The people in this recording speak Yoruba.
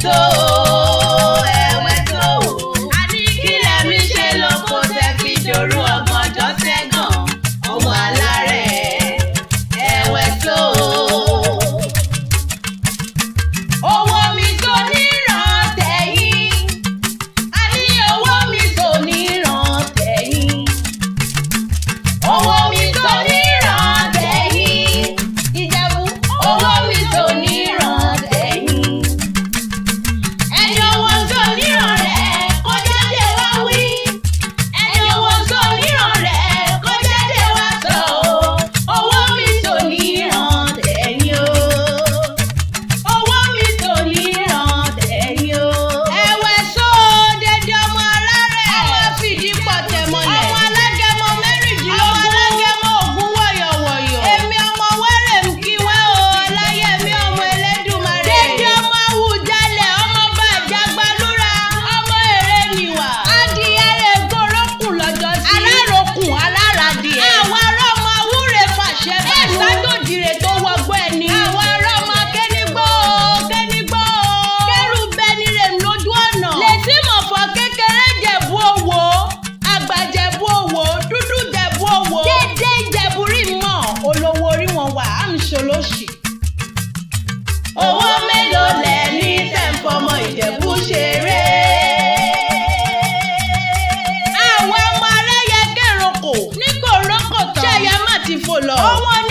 so ìrè tó wọgbọ́ ẹni. àwọn ará ọmọ kẹ́nigbó kẹ́nigbó kẹ́rù bẹ́ni rèm lójú ọ̀nà. létí mọ̀fọ́ kékeré jẹ̀bú òwò àgbà jẹ̀bú òwò dúdú jẹ̀bú òwò. dédé ìjẹ̀bú rí mọ̀ olówó orí wọn wà á ń ṣolóṣì. owó mélòó lẹ ní tẹ̀ǹfọ́ ọmọ ìjẹ̀bú ṣeré. àwọn ọmọ ará